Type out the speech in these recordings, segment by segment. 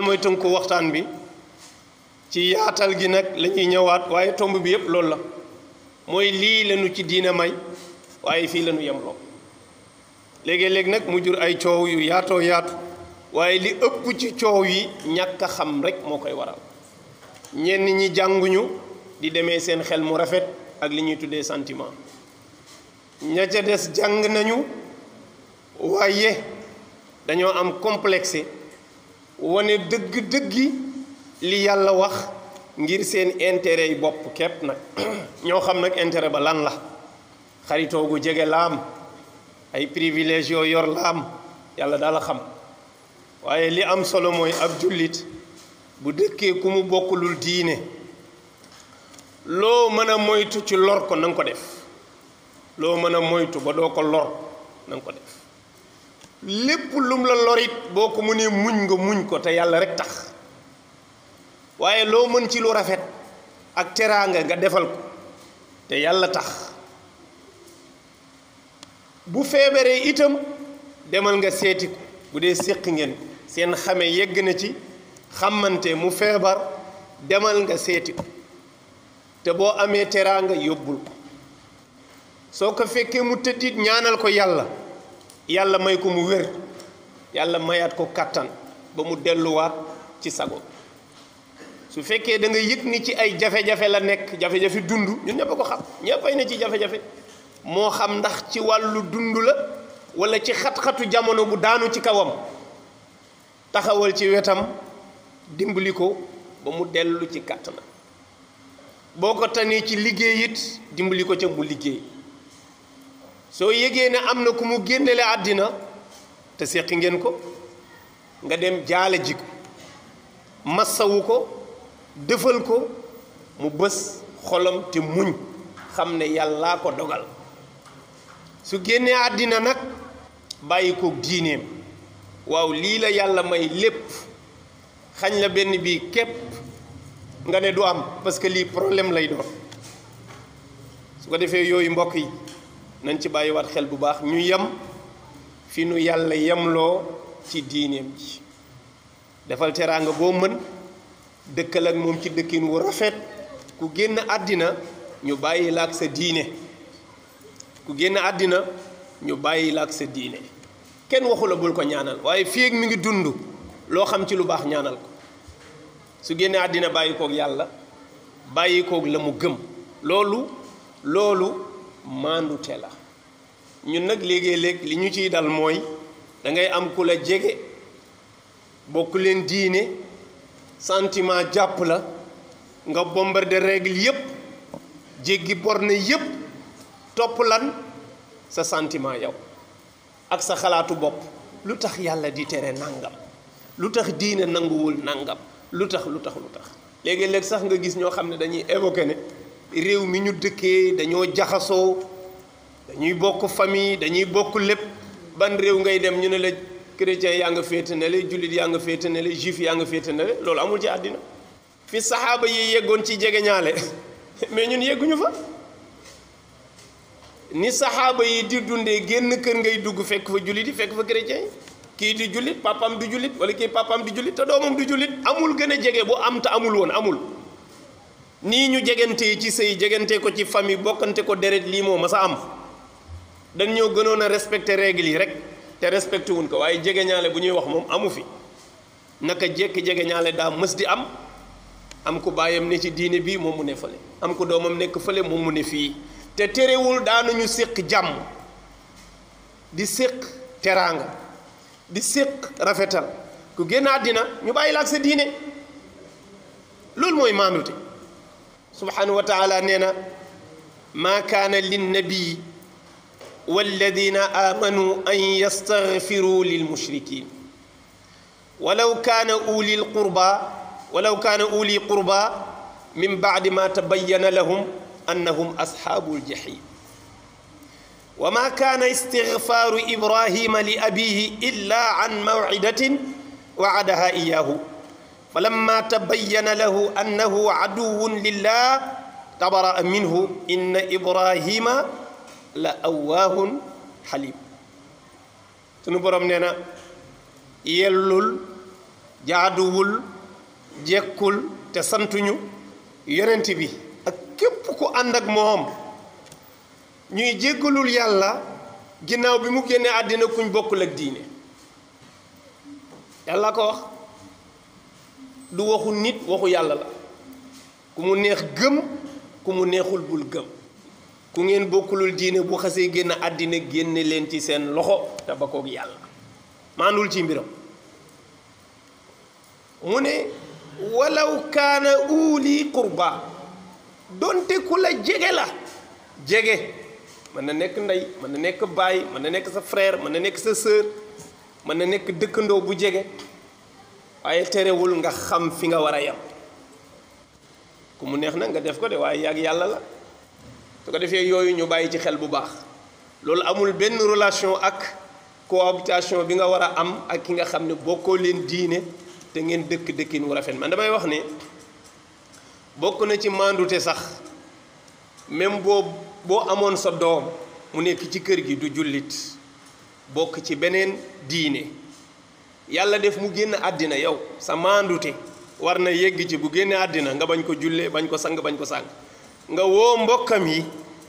mooy tënku waxtaan bi ci yaatal gi nag lañuy ñuy ñëwaat waaye tomb bi yépp loolu la mooy lii lañu ci diina may waaye fii lañu yemloo léegi-léeg nag mu jur ay coow yu yaatoo yaatu waaye li ëpp ci coow yi ñàkk xam rek moo koy waral ñenn ñi jànguñu di demee seen xel mu rafet ak li ñuy tuddee santiment ña ca des jàng nañu waaye dañoo am complexe wane dëgg-dëggi li yàlla wax ngir seen intérêt yi bopp képp nag ñoo xam nag intérêt ba lan la xaritoo gu jege laam ay privilège yoo yor laam yàlla daal a xam waaye li am solo mooy ab jullit bu dëkkee ku mu bokkulul diine loo mën a moytu ci lor ko na ko def loo mën a moytu ba doo ko lor na ko def lépp lum la lorit boo ko mënee muñ nga muñ ko te yàlla rekk tax waaye loo mën ci lu rafet ak teraanga nga defal ko te yàlla tax bu feebaree itam demal nga seeti ko bu dee séq ngeen seen xame yegg na ci xamante mu feebar demal nga seeti ko te boo amee teraanga yóbbul ko soo ko fekkee mu tëddit ñaanal ko yàlla yàlla may ko mu wér yàlla mayaat ko kàttan ba mu delluwaat ci sago su fekkee da nga yëg ni ci ay jafe-jafe la nekk jafe-jafe dund ñun ñëpp ko xam ñëppay na ci jafe-jafe moo xam ndax ci wàllu dund la wala ci xat-xatu jamono bu daanu ci kawam taxawal ci wetam dimbali ko ba mu dellu ci kàttan boo ko tanee ci liggéey it dimbali ko ca mu liggéey soo yëgee ne am na ku mu génnele àddina te séqi ngeen ko nga dem jaale ji ko massawu ko dëfal ko mu bés xolam te muñ xam ne yàllaa ko dogal su génnee àddina nag bàyyi ko giineem waaw lii la yàlla may lépp xañ la benn bii képp nga ne du am parce que lii problème lay doon su ko defee yooyu mbokk yi nañ ci bàyyiwaat xel bu baax ñu yem fi nu yàlla yemloo ci diineem ji defal teraanga boo mën dëkkal ak moom ci dëkkin wu rafet ku génn àddina ñu bàyyi la ak sa diine ku génn àddina ñu bàyyi la ak kenn waxula bul ko ñaanal waaye fii ak mi ngi dund loo xam ci lu baax ñaanal ko su génnee àddina bàyyi koog yàlla bàyyi koog la mu gëm loolu loolu maandute la ñun nag léegi-léeg li ñu ciy dal mooy dangay am ku la jege bokk leen diine santiment jàpp la nga bombardé règle yépp jéggi borne yépp topp lan sa santiment yow ak sa xalaatu bopp lu tax yàlla di tere nangam lu tax diine nanguwul nangam lu tax lu tax lu tax léegi-léeg sax nga gis ñoo xam ne dañuy évoqué réew mi ñu dëkkee dañoo jaxasoo dañuy bokk famille dañuy bokk lépp ban réew ngay dem ñu ne la chrétien yaa nga féete ne la jullit yaa nga féete ne la juif yaa nga féete ne loolu amul ci àddina fi saxaaba yi yeggoon ci jege mais ñun yegguñu fa ni saxaaba yi di dundee génn kër ngay dugg fekk fa jullit yi fekk fa chrétien yi kii di jullit papam du jullit wala kii papam du jullit te doomam du jullit amul gën a jege bu am te amul woon amul nii ñu yi ci sëy jegante ko ci famille bokkante ko deret lii moo mas a am dañ ñoo gënoon a respecté règles yi rek te respecté wuñ ko waaye jege ñaale bu ñuy wax moom amu fi naka jekki ñaale daa mës di am am ku bàyyam ne ci diine bii moom mu ne fële am ku doomam nekk fële moom mu ne fii te terewul daanuñu séq jàmm di séq teraanga di séq rafetal ku génn àddina ñu bàyyi laa ak sa diine loolu mooy maandute سبحانه وتعالى نينا ما كان للنبي والذين آمنوا أن يستغفروا للمشركين ولو كان أولي القربى ولو كان أولي قربى من بعد ما تبين لهم أنهم أصحاب الجحيم وما كان استغفار إبراهيم لأبيه إلا عن موعدة وعدها إياه فلما تبين له أنه عدو لله تبرأ منه إن إبراهيم لأواه حليم sunu borom nee na yellul jaaduwul jekkul te santuñu yonent bi ak képp ku ànd ak moom ñuy jéggalul yàlla ginnaaw bi mu génnee àddina kuñ bokkul ak diine yàlla ko wax du waxu nit waxu yàlla la ku mu neex gëm ku mu neexul bul gëm ku ngeen bokkulul diine bu xasee génn àddina génne leen ci seen loxo te ba koog yàlla maandul ci mbiram mu ne walaw kaana uuli qurba donte ku la jege la jege mën na nekk ndey mën na nekk baay mën na nekk sa frère mën na nekk sa sœur mën na nekk dëkkandoo bu jege waaye terewul nga xam fi nga war a yem ku mu neex na nga def ko de waaye yàgg yàlla la su ko defee yooyu ñu bàyyi ci xel bu baax loolu amul benn relation ak cohabitation bi nga war a am ak ki nga xam ne bokkoo leen diine te ngeen dëkk dëkkin wu rafet man damay wax ne bokk na ci maandute sax même boo boo amoon sa doom mu nekk ci kër gi du jullit bokk ci beneen diine yàlla def mu génn àddina yow sa maandute war na yegg ci bu génne àddina nga bañ ko jullee bañ ko sang bañ ko sàng nga woo mbokkam yi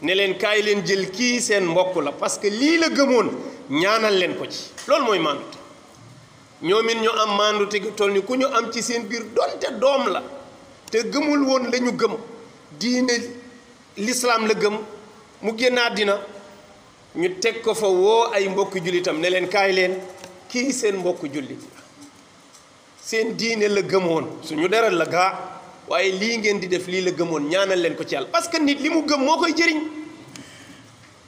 ne leen kaay leen jël kii seen mbokk la parce que lii la gëmoon ñaanal leen ko ci loolu mooy maandute ñoom it ñu am maandute gi toll ni ku ñu am ci seen biir donte doom la te gëmul woon lañu ñu gëm diine lislaam la gëm mu génn àddina ñu teg ko fa woo ay mbokki jullitam ne leen kaay leen kii seen mbokk jullit seen diine la gëmoon suñu deret la gaa waaye lii ngeen di def lii la gëmoon ñaanal leen ko ci yàlla parce que nit li mu gëm moo koy jëriñ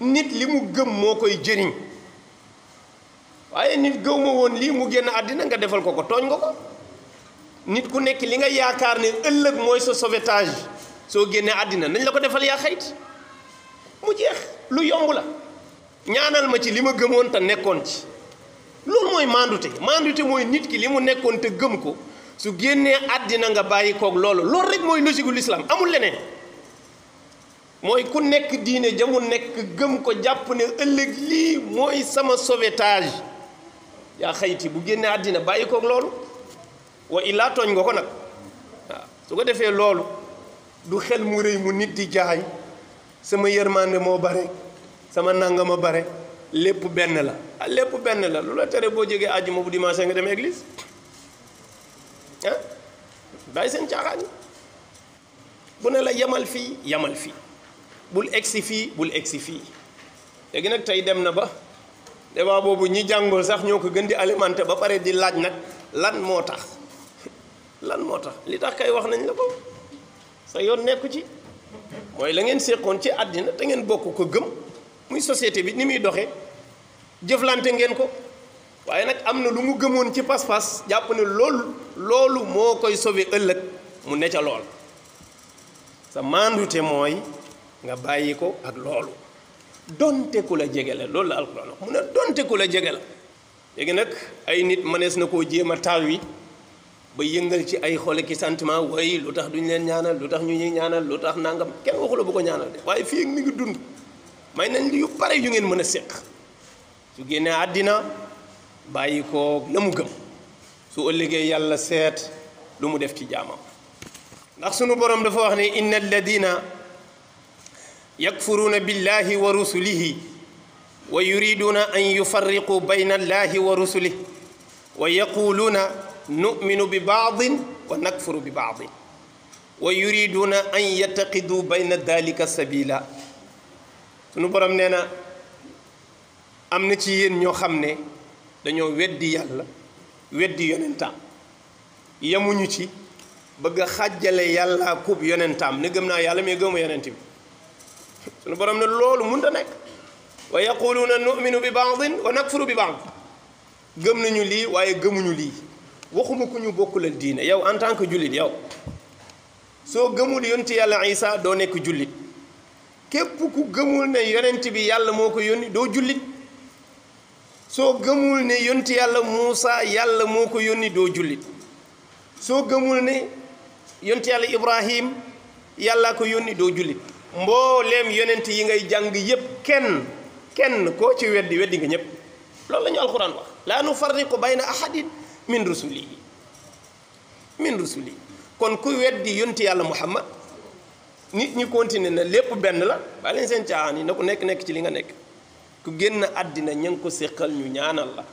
nit li mu gëm moo koy jëriñ waaye nit gëw ma woon lii mu génn àddina nga defal ko ko tooñ nga ko nit ku nekk li nga yaakaar ne ëllëg mooy sa sauvetage soo génnee àddina nañ la ko defal yaa xayit mu jeex lu yomb la ñaanal ma ci li ma gëmoon te nekkoon ci loolu mooy maandute maandute mooy nit ki li mu nekkoon te gëm ko su génnee àddina nga bàyyikook koog loolu loolu rek mooy logique gu lislaam amul leneen mooy ku nekk diine ja mu nekk gëm ko jàpp ne ëllëg lii mooy sama sauvetage yaa xayti bu génnee àddina bàyyi koog loolu wa illaa tooñ nga ko nag su ko defee loolu du xel mu rëy mu nit di jaay sama yërmande moo bare sama nangama bare lépp benn la ah, lépp benn la lu la tere boo jógee àjjuma bu dimanche nga dem église ah bàyyi seen caaxaan bu ne la yemal fii yemal fii bul egsi fii bul egsi fii léegi nag tey dem na ba débat boobu ñi jàngul sax ñoo ko gën di alimenté ba pare di laaj nag lan moo tax lan moo tax li tax kay wax nañ la ko sa yoon nekku ci mooy la ngeen séqoon ci àddina te ngeen bokk ko gëm muy société bi ni muy doxee jëflante ngeen ko waaye nag am na lu mu gëmoon ci pas-pas jàpp ne loolu loolu moo koy sauver ëllëg mu ne ca lool sa maandute mooy nga bàyyi ko ak loolu donte ku la jege la loolu la alxuraan mun mu ne donte la jege la léegi nag ay nit mënees na koo jéem a taaw yi ba yëngal ci ay xole ki sentiment waaye lu tax duñu leen ñaanal lu tax ñu ñuy ñaanal lu tax nangam kenn waxula bu ko ñaanal de waaye fii mi ngi dund may nañ li yu pare yu ngeen mën a séq su génnee adina bayiko ko gëm su ëllëgee yàlla sét lu mu def ci jaamam ndax sunu borom dafa wax ni innal ladina yakfuruna billahi wa rusulihi wa yuriduna an yufarriqu bayna allahi wa rusulihi wa yaquluna numinu bi baadin wa nakfuru bi baadin wa yuriduuna an yattaqidu bayna dalika sabila sunu borom nee am na ci yéen ñoo xam ne dañoo weddi yàlla weddi yonentaam yemuñu ci bëgg a xàjjale yàlla kub yonentaam ne gëm naa yàlla mais gëmu yonent bi suñu borom ne loolu mënut a nekk wa yaquluuna nu'minu bi bi ba'd gëm nañu lii waaye gëmuñu lii waxuma ku ñu bokkulal diine yow en tant que jullit yow soo gëmul yonti yàlla Isa doo nekk jullit képp ku gëmul ne yonent bi yàlla moo ko yónni doo jullit soo gëmul ne yonti yàlla Muusa yàlla moo ko yónni doo jullit soo gëmul ne yonti yàlla Ibrahim yàllaa ko yónni doo jullit mboolem yenent yi ngay jàng yépp kenn kenn koo ci weddi weddi nga ñépp loolu la ñu alxuraan wax laa nu farriqu na ahadin min rusulihi min rusulihi kon ku weddi yonti yàlla Muhammad nit ñi continué na lépp benn la ba leen seen caaxaan yi na ku nekk nekk ci li nga nekk ku génn àddina ña ko séqal ñu ñaanal la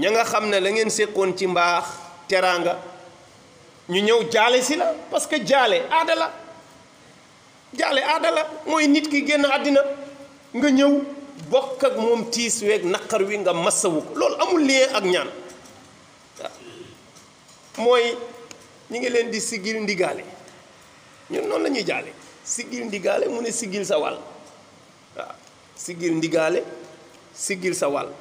ña nga xam ne la ngeen séqoon ci mbaax teraanga ñu ñëw jaale si la parce que jaale aada la jaale aada mooy nit ki génn àddina nga ñëw bokk ak moom tiis weeg naqar wi nga massawu ko loolu amul lien ak ñaan mooy ñu ngi leen di sigil ndigaale ñun noonu la jaale sigil ndigaale mu ne sigil sa wàll sigil ndigalé sigil sa wal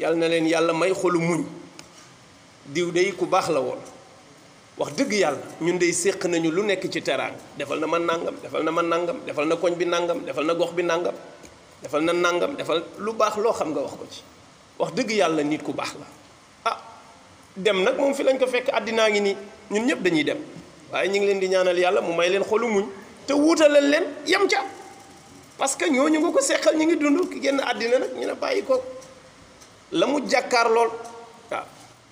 yalla na leen may xolu muñ diw day ku bax la won wax deug yalla ñun day sekk nañu lu nekk ci terrain defal na man nangam defal na man nangam defal na koñ bi nangam defal na gox bi nangam defal na nangam defal lu loh lo xam nga wax ko ci wax deug yalla nit ku bax la ah dem nak mom fi lañ ko fekk adina ngi ni ñun ñep dañuy dem waye leen di ñaanal yalla mu may leen xolu muñ te wuutalal leen yam ca parce que ñooñu nga ko seqal ñu ngi dund ki génn àddina nag ñu ne bàyyi ko la mu jàkkaar lool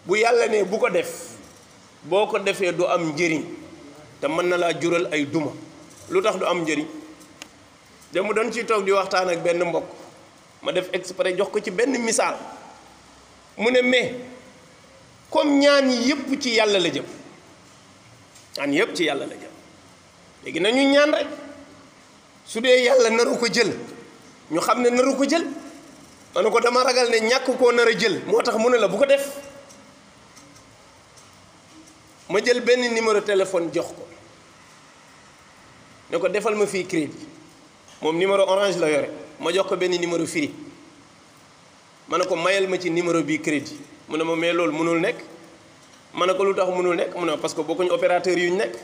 bu yàlla ne bu ko def boo ko defee du am njëriñ te mën na laa jural ay duma lu tax du am njëriñ dama doon ciy toog di waxtaan ak benn mbokk ma def exprès jox ko ci benn misaal mu ne mais comme ñaan yi yëpp ci yàlla la jëm ñaan yëpp ci yàlla la jëm léegi nañu ñaan rek su dee yàlla naru ko jël ñu xam ne naru ko jël ma ne ko dama ragal ne ñàkk koo nar a jël moo tax mu ne la bu ko def ma jël benn numéro téléphone jox ko ne ko defal ma fii crédit moom numéro orange la yore ma jox ko benn numéro firi ma ne ko mayal ma ci numéro bii crédit mu ne ma mais loolu mënul nekk man ne ko lu tax mënul nekk mu ne parce que bokkuñu opérateur yu ñu nekk.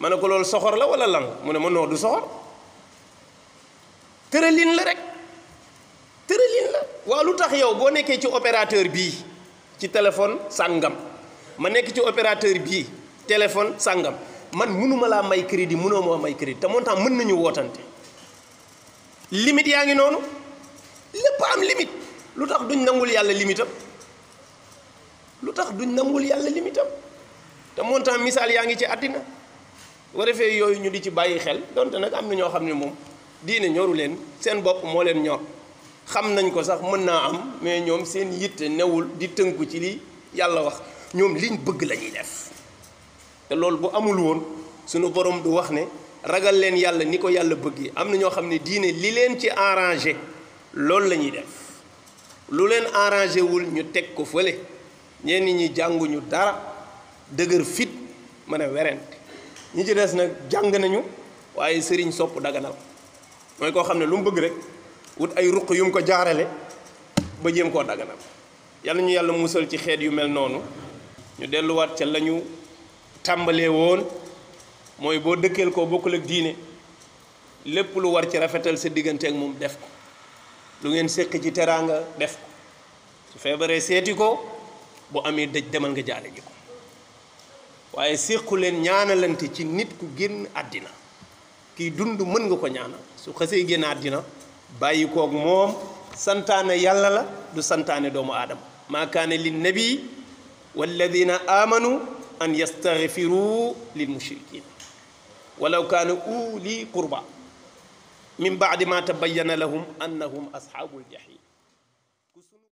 ma ne ko loolu soxor la wala lan mu ne ma noo du soxor tëralin la rek tëralin la waaw lu tax yow boo nekkee ci opérateur bii ci téléphone sàngam ma nekk ci opérateur bii téléphone sàngam man mënuma laa may crédit mënoo moo may crédit te moo montant mën nañu wootante limite yaa ngi noonu lépp am limite lu tax duñ nangul yàlla limitam lu tax duñ nangul yàlla limitam te montant misaal yaa ngi ci àddina bu yooyu ñu di ci bàyyi xel donte nag am na ñoo xam ne moom diine ñoru leen seen bopp moo leen ñor xam nañ ko sax mën naa am mais ñoom seen yitte newul di tënku ci lii yàlla wax ñoom liñ bëgg la ñuy def te loolu bu amul woon suñu borom du wax ne ragal leen yàlla ni ko yàlla bëggee am na ñoo xam ne diine li leen ci arrangé loolu la ñuy def lu leen arrangé wul ñu teg ko fële ñenn ñi jànguñu dara dëgër fit mën a werante ñi ci des nag jàng nañu waaye sëriñ sopp daganal mooy koo xam ne lu mu bëgg rek wut ay ruq yum ko jaarale ba jéem koo daganal yàlla ñu yàlla musal ci xeet yu mel noonu ñu delluwaat ca la ñu tàmbalee woon mooy boo dëkkeel ko bokkul ak diine lépp lu war ci rafetal sa diggante ak moom def ko lu ngeen séq ci teraanga def ko su feebaree seeti ko bu amee dëj demal nga jaale ji ko waaye séqu leen ñaanalante ci nit ku génn àddina kii dund mën nga ko ñaanal su xasee génn àddina bàyyi kook moom santaane yàlla la du santaane doomu aadama maa kaane lin nabi walladina amanu an yastaghfiru lil mushrikin walaw kaana uli qurba min baadi ma tabayyana lahum annahum ashaabul jahim